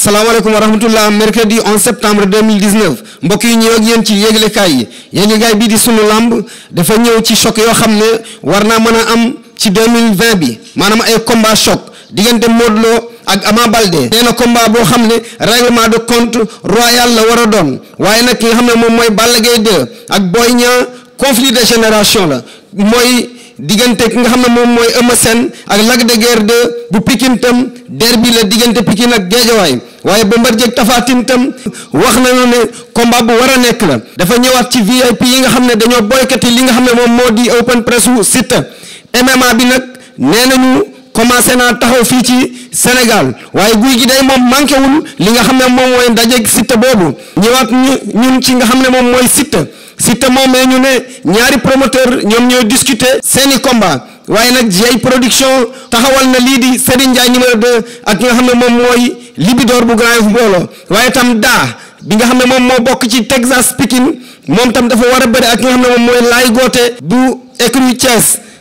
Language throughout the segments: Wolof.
salaamaaleykum wa rahmatullah mercredi 11 septembre 2019 mbokk yi ñëw ak ci yéglekaay yi yéglekaay bii di sunu làmb dafa ñëw ci choc yoo xam ne war naa mën a am ci 2020 bi maanaam ay combat choc diggante Modou Lo ak Ama Baldé nee na combat boo xam ne règlement de compte royal la war a doon waaye nag ki nga xam ne moom mooy Balla gay 2 ak Boy Niang conflit de génération la mooy diggante ki nga xam ne moom mooy Eumeu Sène ak Lac de Guiers 2 bu Pikine tam derby la diggante Pikine ak Guédiawaye waaye Bombardier Tapha Tine tam wax na nañu ne combat bu war a nekk la dafa ñëwaat ci VIP yi nga xam ne dañoo boycotté li nga xam ne moom moo di open press wu Siteu bi nag nee nañu commencé naa taxaw fii ci Sénégal waaye guy gi day moom manqué wul li nga xam ne moom mooy ndaje Siteu boobu ñëwaat ñu ñun ci nga xam ne moom mooy Siteu Siteu moom mee ñu ne ñaari promoteur ñoom ñooy discuter seeni combat waaye nag GIE production taxawal na lii di Serigne Ndiaye numéro 2 ak ki nga xam ne moom mooy Libidoor bu Grand Yoff mbooloo waaye tam daa bi nga xam ne moom moo bokk ci Texas Pikin moom tam dafa war a bëri ak ki nga xam ne moom mooy laay goote bu écurie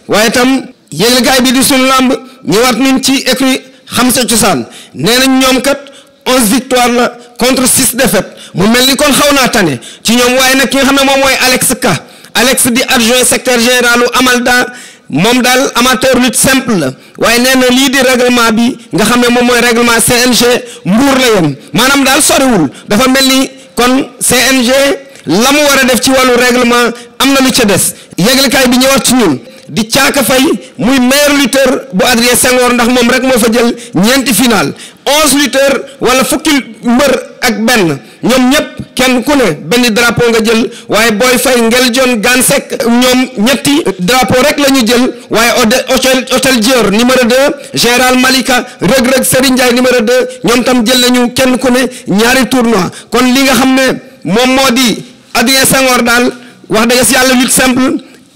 waaye tam yéen gaay bi di suñu làmb ñëwaat nañ ci écurie xam sa cosaan nee nañ ñoom kat onze victoire la contre six défaites mu mel ni kon xaw naa tane ci ñoom waaye nag ki nga xam ne moom mooy Alex Ka Alex di adjoint secteur général u Amalda moom daal amateur lutte simple la waaye nee na lii di règlement bi nga xam ne moom mooy règlement CNG mbuur la yem maanaam daal soriwul dafa mel ni kon CNG la mu war a def ci wàllu réglement am na lu ca des yëglekaay bi ñëwaat ci ñun di caaka fay muy meilleur lutteur bu Adrien Senghor ndax moom rek moo fa jël ñeenti final onze lutteurs wala fukki mbër ak benn ñoom ñëpp. kenn ku ne benn drapeau nga jël waaye booy fay ngel jon gansek ñoom ñetti drapeau rek la ñu jël waaye hôtel hôtel Dior numéro 2 général Malika Reug Reug Serigne numéro 2 ñoom tam jël nañu kenn ku ne ñaari tournoi kon li nga xam ne moom moo di Adrien Senghor daal wax dëgg si yàlla lutte simple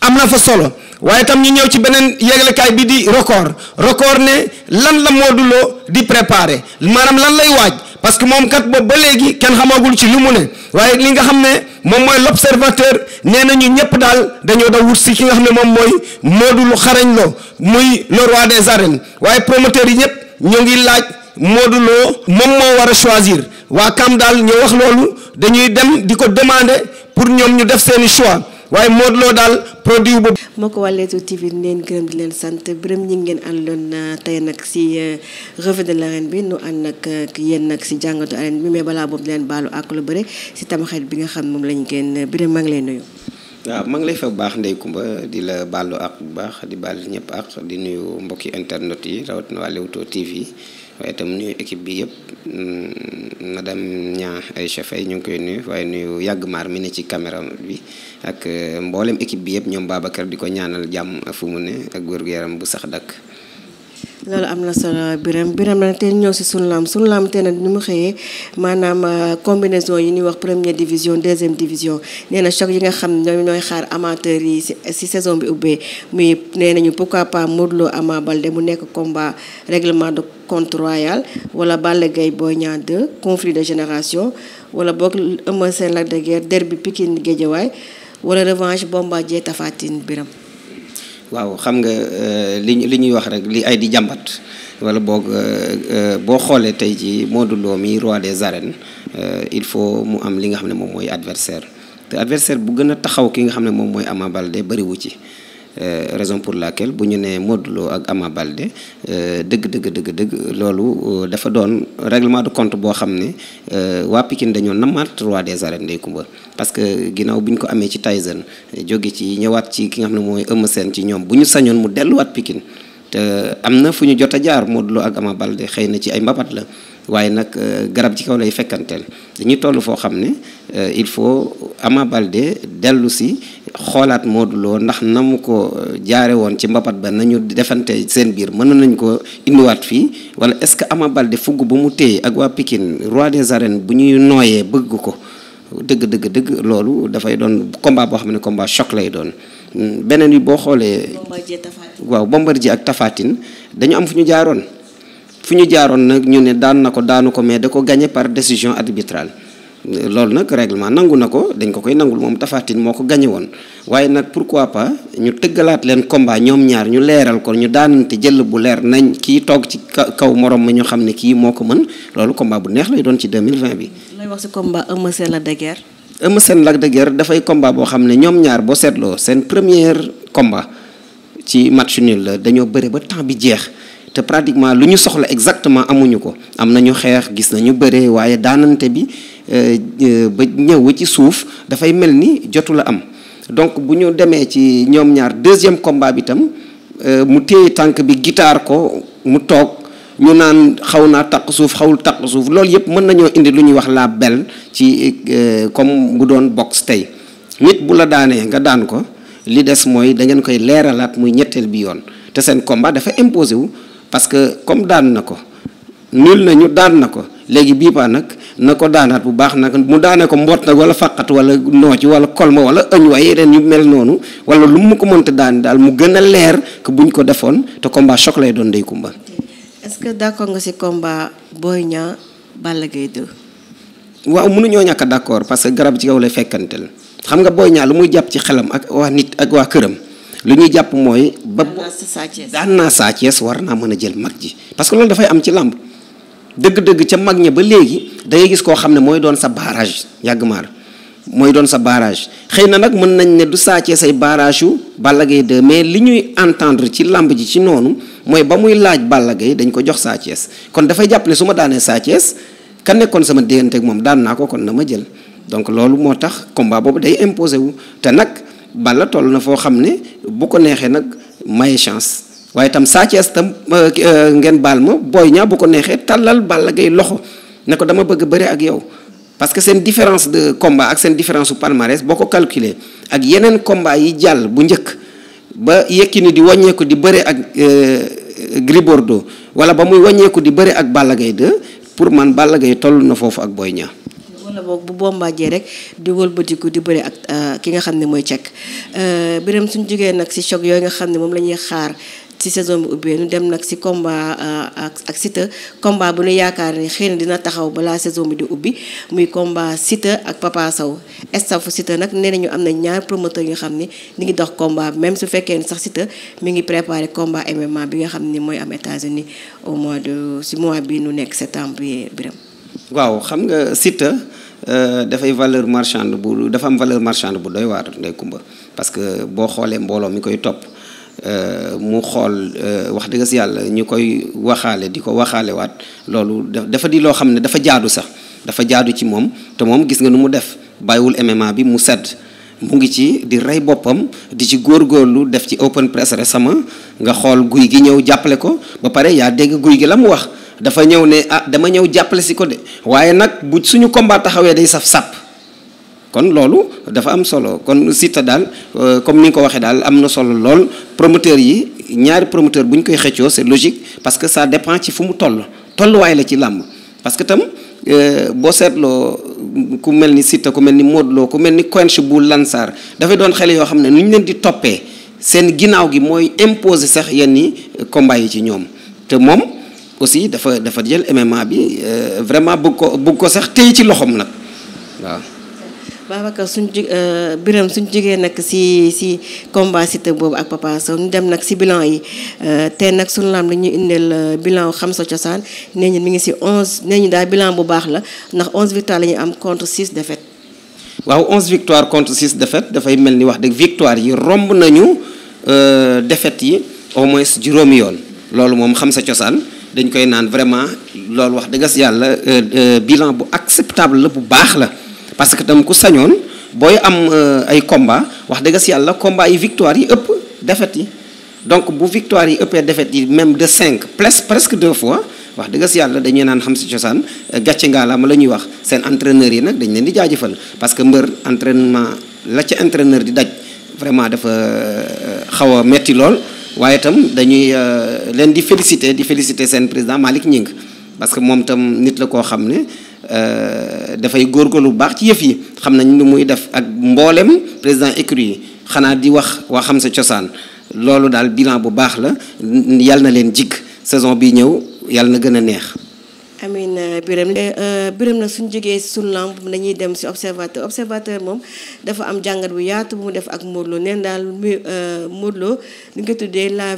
am na fa solo waaye tam ñu ñëw ci beneen yéeglekaay bi di record record ne lan la Modou Lo di préparer maanaam lan lay waaj. parce que moom kat boobu ba léegi kenn xamagul ci li mu ne waaye li nga xam ne moom mooy l'observateur nee na ñu ñëpp daal dañoo daw wut ci ki nga xam ne moom mooy Modou Lo xarañ Lo muy le roi des arènes waaye promoteur yi ñëpp ñoo ngi laaj Modou Lo moom moo war a choisir waa kam daal ñoo wax loolu dañuy dem di ko demander pour ñoom ñu def seeni choix. waaye moom loo daal produit bu. moo ko waa Leewtoo TV di leen di leen sant bërëm ñi ngeen àndaloon euh, tey nag si euh, revue de l'arène bi nu ànd nag yéen nag si jàngatu arène bi mais balaa boobu leen baalo ak lu bëre si tamxarit bi nga xam moom lañ génn bërëm maa mag lay nuyu. waaw maa ngi lay fa bu baax Ndeye Comba di la baalu ak bu baax di baal ñëpp ak di nuyu mbokki internet yi rawatina waa Leewtoo TV. waaye tam nuyu équipe bi yëpp dem mm, ñaar ay chef ay ñu ngi koy nuyu waaye nuyu yàgg maar mi ne ci caméra bi ak euh, mboolem équipe bi yëpp ñoom Babacar di ko ñaanal jàmm fu mu ne ak wér-gu-yaram bu sax dakk loolu am na biram biram Birame nag tey ñëw si sunu laam sunu laam tey nag ni mu xëyee maanaam euh, combinaison yi ñuy wax première division deuxième division nee na choc yi nga xam ñoom ñooy xaar amateurs yi si si saison bi ubbee muy nee nañu pourquoi pas Modou Lo Ama Baldé mu nekk combat règlement de compte royal wala Balla Gaye Boy Niang 2 conflit de génération wala boog Eumeu Sène Lac de Guiers derby Pikine Guédiawaye wala revanche Bombardier Tapha Tine biram waaw xam nga euh, li li ñuy wax rek li ay di jàmbat wala boog euh, euh, boo xoolee tey ji moo Lo mi roi des arènes il faut mu am li nga xam ne moom mooy adversaire te adversaire bu gën a taxaw ki nga xam ne moom mooy Ama Baldé bëriwu ci Euh, raison pour laquelle bu ñu nee Modou ak Ama Baldé euh, dëgg dëgg dëgg dëgg loolu euh, dafa doon règlement de compte boo xam ne waa Pikine dañoo namaat roi des arènes Ndeye Koumba parce que ginnaaw bu ñu ko amee ci Tyson jóge ci ñëwaat ci ki nga xam ne mooy Eumeu seen ci ñoom bu ñu sañoon mu delluwaat Pikine te am na fu ñu jot a jaar Modou ak Ama Baldé xëy na ci ay mbabat la waaye nag garab ci kaw lay fekkanteel dañuy toll foo xam ne il faut Ama Baldé dellu si xoolaat Modou Lo ndax na mu ko euh, jaare woon ci mbapat ba nañu defante seen biir mën nañ ko indiwaat fii wala est-ce que Ama balde fugg ba mu téye ak waa Pikine roi des arènes bu ñuy nooyee bëgg ko dëgg dëgg dëgg loolu dafay doon combat boo xam ne combat choc lay doon hmm, beneen bi boo xoolee waaw Bombardier ak tafaatin Tine dañu am fu ñu jaaroon fu ñu jaaroon nag ñu ne daan na ko daanu ko mais da ko gagné par décision arbitrale loolu nag règlement nangu na ko dañ ko koy nangul moom tafaatin moo ko gañe woon waaye nag pourquoi pas ñu tëggalaat leen combat ñoom ñaar ñu leeral ko ñu daanante jël bu leer nañ kii toog ci kaw morom ma ñu xam ne kii moo ko mën loolu combat bu neex lay doon ci 2020 bi. lay wax ci combat Eumeu Sène Lac de Guiers. Eumeu Sène Lac de dafay combat boo xam ne ñoom ñaar boo seetloo seen première combat ci match nul la dañoo bëre ba temps bi jeex. te pratiquement lu ñu soxla exactement amuñu ko am nañu xeex gis nañu bëre waaye daanante bi Euh, euh, ba ñëwu ci suuf dafay mel ni jotu la am donc bu ñu demee ci ñoom ñaar deuxième combat bi tam euh, mu téye tànk bi gitaar ko mu toog ñu naan xaw naa taq suuf xawul taq suuf loolu yëpp mën nañoo indi lu ñuy wax la bel ci comme bu doon box tey nit bu la daanee nga daan ko li des mooy da ngeen koy leeralaat muy ñetteel bi yoon te seen combat dafa imposé wu parce que comme daan na ko nul na ñu daan na ko léegi bii baa nag na ko daanaat bu baax nag mu daanee ko mboot nag wala fàqat wala nooci wala kolma wala ëñ way ren yu mel noonu wala lu mu ko mënta daane daal mu gën a leer bu ñu ko defoon te combat choc lay doon day kumba. est-ce que d'accord nga ci combat Boy Niang Balla Gaye 2. waaw mënuñoo ñàkk d'accord parce que garab ci kaw lay fekkanteel xam nga Boy ñaa lu muy jàpp ci xelam ak waa nit ak waa këram. lu ñuy jàpp mooy. ba daan daan naa Sa Thiès war naa mën a jël mag ji parce que loolu dafay am ci làmb. dëgg-dëgg ca mag ña ba léegi dangay gis koo xam ne mooy doon sa barage yàgg maar mooy doon sa barage xëy na nag mën nañ ne du saacee say barrage yu Balla Gaye 2 mais li ñuy entendre ci làmb ji ci noonu mooy ba muy laaj Balla Gaye dañ ko jox Sa kon dafay jàpp ne su ma daanee Sa ka nekkoon sama déggante ak moom daan naa ko kon na ma jël donc loolu moo tax combat boobu day imposé wu te nag Balla toll na foo xam ne bu ko neexee nag maye chance waaye tam Sa tam euh, ngeen baal ma booy Niang bu ko neexee tàllal Balla Gaye loxo ne ko dama bëgg bëre ak yow parce que seen différence de combat ak seen différence su palmarès boo ko calculer ak yeneen combat yi jàll bu njëkk ba Yékini di wàññeeku di bëre ak euh, Gris Bordeaux wala ba muy wàññeeku di bëre ak Balla Gaye pour man Balla Gaye toll na foofu ak booy Niang wala boog bu rek di wëlbatiku di bëri ak euh, ki nga xam ne mooy cek biram suñ jógee nag si choc yooyu nga xam ne moom la ñuy xaar si saison bi ubbee nu dem nag si combat euh, ak ak Siteu combat bu ñu yaakaar ni xëy na dina taxaw balaa saison bi di ubbi muy combat Siteu ak Papa Sow staff Siteu nag nee nañu am na ñaar promoteur yoo xam ni ñu ngi dox combat bi su fekkee ni sax Siteu mi ngi préparé combat MMA bi nga xam ni mooy am États-Unis au mois de si mois bi nu nekk septembre biram waaw xam nga Siteu euh, dafay valeur marchande bu dafa am valeur marchande bu doy waar ndey kumba parce que boo xoolee mbooloo mi koy topp Euh, mu xool euh, wax dëgg si yàlla ñu koy waxaale di ko waxaale waat loolu dafa di loo xam ne dafa jaadu sax dafa jaadu ci moom te moom gis nga nu mu def bàyyiwul MMA bi mu sedd mu ngi ci di rey boppam di ci góor góorgóorlu def ci open press récemment nga xool guy gi ñëw jàppale ko ba pare yaa dégg guy gi la mu wax dafa ñëw ne ah dama ñëw jàppale si ko de waaye nag bu suñu combat taxawee day saf sàpp kon loolu dafa am solo kon Siteu daal euh, comme ni nga ko waxee daal am na solo lool promoteur yi ñaari promoteur bu ñu koy xëccoo c'est logique parce que ça dépend ci fu mu toll tolluwaay la ci làmb parce que tam euh, boo seetloo ku mel ni Siteu ku mel ni Modou Lo ku mel ni Quench bu Lansar dafay doon xele yoo xam ne nu ñu leen di toppee seen ginnaaw gi mooy imposer sax yenn i combat yi ci ñoom te moom aussi dafa dafa jël MMA bi euh, vraiment bugg ko bëgg ko sax téye ci loxoom nag Babacar suñ jug euh, biram suñ jógee nag si si combat Siteu boobu ak Papa Sow ñu dem nag si bilan yi euh, te nag suñu laam dañuy indil euh, bilan xam sa cosaan nee ñu mi ngi si 11 nee ñu daal bilan bu baax la ndax 11 victoire la ñu am contre 6 défaites. waaw 11 victoire contre 6 défaites dafay mel ni wax dëgg victoire yi romb nañu défaites yi au moins juróomi yoon loolu moom xam sa cosaan dañ koy naan vraiment loolu wax dëgg yàlla bilan bu acceptable la bu baax la. parce que tam ku sañoon booy am euh, ay combat wax dëgg yàlla combat yi victoire yi ëpp défaite yi donc bu victoire yi ëppee défaite yi même de cinq plus presque deux fois wax dëgg si yàlla dañuy naan xam si cosaan euh, gàcce ngaalaama la ñuy wax seen entraîneurs yi nag dañ leen di jaajëfal parce que mbër entraînement la ci entraîneur di daj vraiment dafa euh, xaw a metti lool waaye itam dañuy leen di féliciter di féliciter seen président Malick Ngingue parce que moom tam nit la koo xam ne euh, dafay góor lu baax ci yëf yi xam nañ lu muy def ak mboolem président écurie yi xanaa di wax waa xam sa cosaan loolu daal bilan bu baax la yàlla na leen jikk saison bi ñëw yàlla na gën a neex Amina Birame eh, euh, Birame nag suñ jógee suñ lamb dañuy dem si observateur observateur moom dafa am jàngat bu yaatu bu mu def ak Modou Lo neen daal euh, Modou Lo li nga tuddee la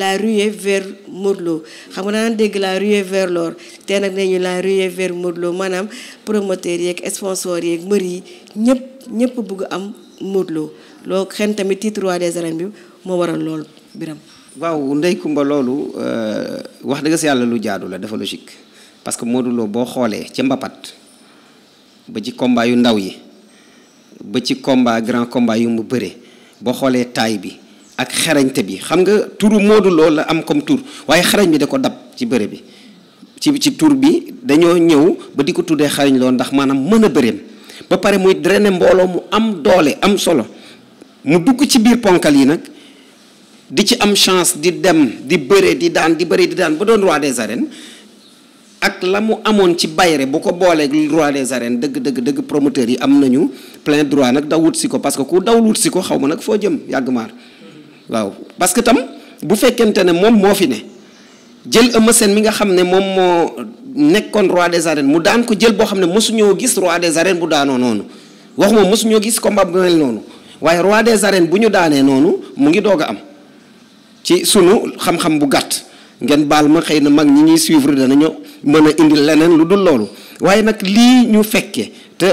la ruée vers Modou xam nga daan la ruée vers l'or te nag nee ñu la ruée vers Modou Lo maanaam promoteur yeeg sponsor yeeg mbër yi ñëpp ñëpp bëgg am Modou loo xen tamit titre roi des arènes bi moo waral lool biram waaw ndey kumba loolu euh, wax dëgg si yàlla lu jaadu la dafa logique parce que Modou boo xoolee ci mbapat ba ci combat yu ndaw yi ba ci combat grand combat yu mu bëre boo xoolee taay bi ak xarañte bi xam nga turu Modou Lo la am comme tur waaye xarañ bi da ko dab ci bëre bi ci ci tur bi dañoo ñëw ba di ko tuddee xarañ loo ndax maanaam mën a bëreem ba pare muy drainer mbooloo mu am doole am solo mu dugg ci biir ponkal yi nag di ci am chance di dem di bëre di daan di bëre di daan ba doon roi des arènes ak la mu amoon ci bayre bu ko booleeg roi des arènes dëgg dëgg dëgg promoteur yi am nañu plein droit nag daw wut si ko parce que ku daw wut si ko xaw ma nag foo jëm yàgg maar waaw parce que tam bu fekkente ne moom moo fi ne jël Eumeu Sène mi nga xam ne moom moo nekkoon roi des arènes mu daan jël boo xam ne mosuñoo gis roi des arènes bu daanoo noonu waxuma mosuñoo gis combat bu mel noonu waaye roi des arènes bu ñu daanee noonu mu ngi doog am ci sunu xam-xam bu gàtt ngeen baal ma xëy na mag ñi ñuy suivre mën a indi leneen lu dul loolu waaye nag lii ñu fekkee te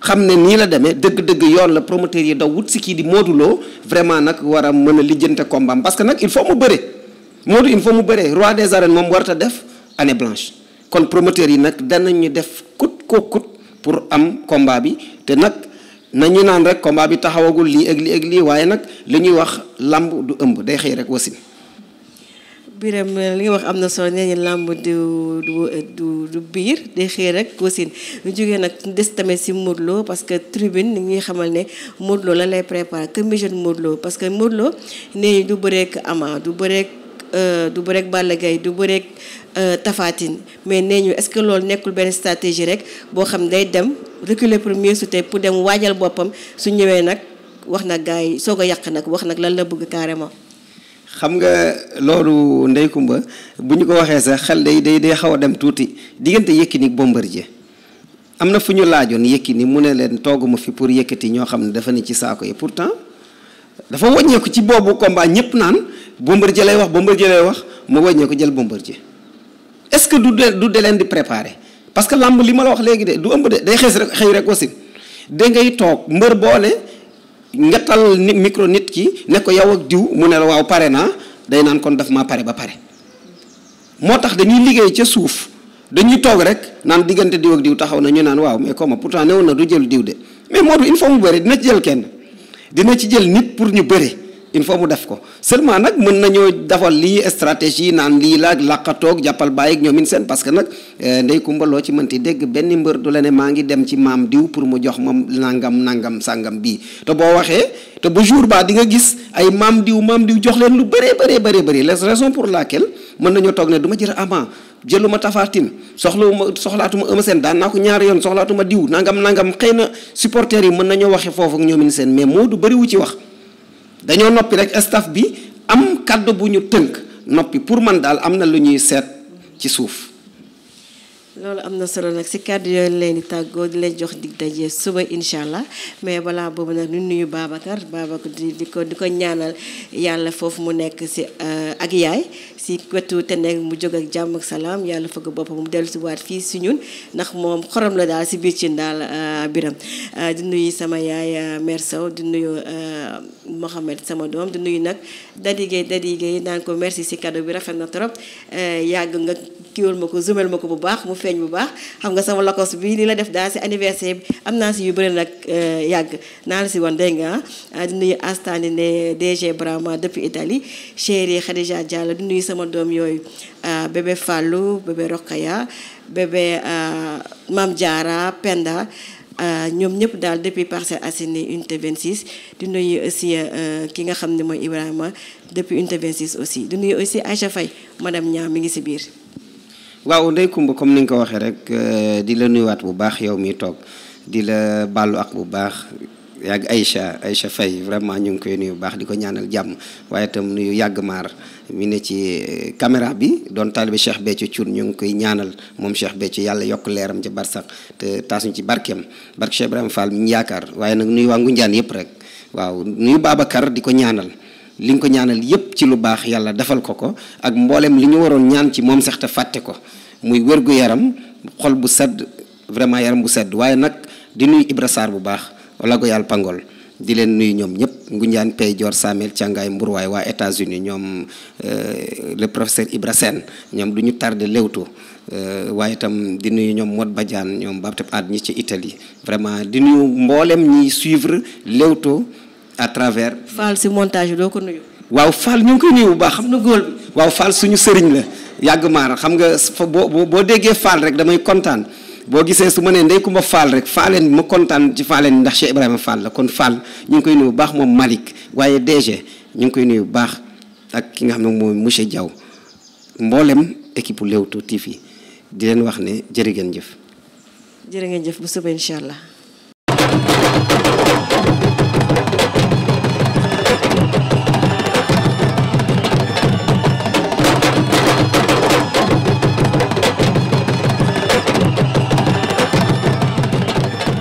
xam ne nii la demee dëgg-dëgg yoon la promoteur yi daw wut si kii di Modou vraiment nag war a mën a lijjante combat parce que nag il faut mu bëre Modou il faut mu bëre roi des arènes moom war warta def année blanche kon promoteur yi nag danañu def kut ko kut pour am combat bi te nag nañu naan rek combat bi taxawagul lii ak lii ak lii waaye nag li ñuy wax lamb du ëmb day xëy rek wasin biram li nga wax am na solo nee nañ làmb du du du biir day xëy rek wasin ñu jógee nag des tamit si Modou Lo parce que tribune ni ñuy xamal ne Modou Lo la lay préparé que mission Modou Lo parce que Modou Lo nee du bëreek Ama du bëreek euh, du bëreek Balla Gaye du bëreek euh, tafaatin mais nee ñu est-ce que loolu nekkul benn stratégie rek boo xam day dem reculer pour mieux sauter pour dem waajal boppam su ñëwee nag wax na gars yi soog a yàq nag wax nag lan la bëgg carrément. xam nga loolu Ndeye Comba bu ñu ko waxee sax xel day day day xaw a dem tuuti diggante Yékini Bombardier am na fu ñu laajoon Yékini mu ne leen mu fi pour yëkkati ñoo xam ne dafa ne ci saako yi pourtant dafa wàññeeku ci boobu combat ñëpp naan Bombardier lay wax Bombardier lay wax mu wàññeeku jël Bombardier est-ce que du de du de leen di préparer parce que làmb li ma la wax léegi de du ëmb de day xees rek xëy rek aussi da ngay toog mbër boole ngetal nit micro nit ki ne ko yow ak diw mu ne la waaw pare naa day naan kon daf maa pare ba pare moo tax dañuy liggéey ca suuf dañuy toog rek naan diggante diw ak diw taxaw na ñu naan waaw mais comment pourtant newoon na du jël diw de mais moo du il faut mu bëri dina ci jël kenn dina ci jël nit pour ñu bëri il faut mu def ko seulement nag mën nañoo defal lii stratégie naan lii la làqatoog jàppal bàyyi ñoomin seen parce que nag eh, ndey kumbaloo ci mënti dégg benn mbër du la ne maa ngi dem ci maam diw pour mu jox ma nangam nangam sangam bii te boo waxee te bu jour baa di nga gis ay maam diw maam diw jox leen lu bëree bëree bëree bëri les raisons pour la laquelle mën nañoo toog ne du ma jël ama jëluma tafaatim soxlawuma soxlaatuma ëma seen daan naa ko ñaari yoon soxlaatuma diw nangam nangam xëy na supporters yi mën nañoo waxe foofu ak ñoomin seen mais moo du bëriwu ci wax dañoo noppi rek staff bi am kàddu bu ñu tënk noppi pour man daal am na lu ñuy seet ci suuf loolu am na solo nag si kàddu yooyu leen di tàggoo di lay jox dig daje suba incha allah mais balaa boobu nag ñu nuyu Babacar Babacar di di ko di ko ñaanal yàlla foofu mu nekk si euh, ak yaay si wetu te nekk mu jóg ak jàmm ak salaam yàlla fëgg boppam mu dellu si waat fii si ñun ndax moom xorom la daal si biir ci daal euh, biram euh, di nuyu sama yaay mère Sow di nuyu Mohamed sama doom di nuyu nag dadigéey dadigéey naan ko merci si cadeau bi rafet na trop yàgg nga kiiwal feeñ bu baax xam nga sama lakos bi li la def daal si anniversaire bi am naa si yu bëri nag euh, yàgg naa la si woon dégg nga ah di nuyu Astani ne DG Brahma depuis Italie chérie Khadija Diallo di nuyu sama doom yooyu ah, bébé Fallou bébé Rokhaya bébé ah, Mame Diarra Penda ah, ñoom ñëpp daal depuis Parcelles Assainies unité 26 di nuyu aussi euh, ki nga xam ne mooy Ibrahima depuis unité 26 aussi di nuyu aussi Aïcha Faye madame Niang mi ngi si biir. waaw ndey kumba comme ni nga ko waxee rek euh, di la nuyuwaat bu baax yow mi toog di la baalu ak bu baax yàgg Aïcha Aïcha Faye vraiment ñu ngi koy nuyu bu baax di ko ñaanal jàmm waaye itam nuyu yàgg maar mi ne ci euh, caméra bi doon taalibe Cheikh Béthio Thioune ñu ngi koy ñaanal moom Cheikh Béthio yàlla yokk leeram ci barsax te taas ci barkeem barke Cheikh Ibrahima mi ñu yaakaar waaye nag nuyu waa Ngunjaan yëpp rek waaw nuyu Babacar di ko ñaanal li nga ko ñaanal yépp ci lu baax yàlla defal ko ko ak mboolem li ñu waroon ñaan ci moom sax te fàtte ko muy wér-gu-yaram xol bu sedd vraiment yaram bu sedd waaye nag di nuy Ibra Sarr bu baax wala ko yàlla pangol di leen nuyu ñoom ñëpp Ngunjaan Pay Joor Samel Càngaay Mburwaay waa États-Unis ñoom euh, le professeur Ibra ñoom du ñu tardé Leewtoo euh, waaye itam di nuyu ñoom Modou Badiane ñoom Babtab Ad ñi ci Italie vraiment di nuyu mboolem ñiy suivre Leewtoo à travers. Fall si montage doo ko nuyu. waaw Fall ñu ngi koy nuyu bu baax. xam na góol bi waaw Fall suñu sëriñ la yàgg maar xam nga fa boo boo déggee Fall rek damay kontaan boo gisee su ma nee ndey kumba Fall rek faaleen ma kontaan ci faaleen ndax Cheikh Ibrahima Fall la kon Fall ñu ngi koy nuyu bu baax moom malik waaye DG ñu ngi koy nuyu bu baax ak ki nga xam ne mooy monsieur Diaw mboolem équipe Leewtoo TV di leen wax ne jërigeen ngeen jëf. jërë jëf bu suba incha allah.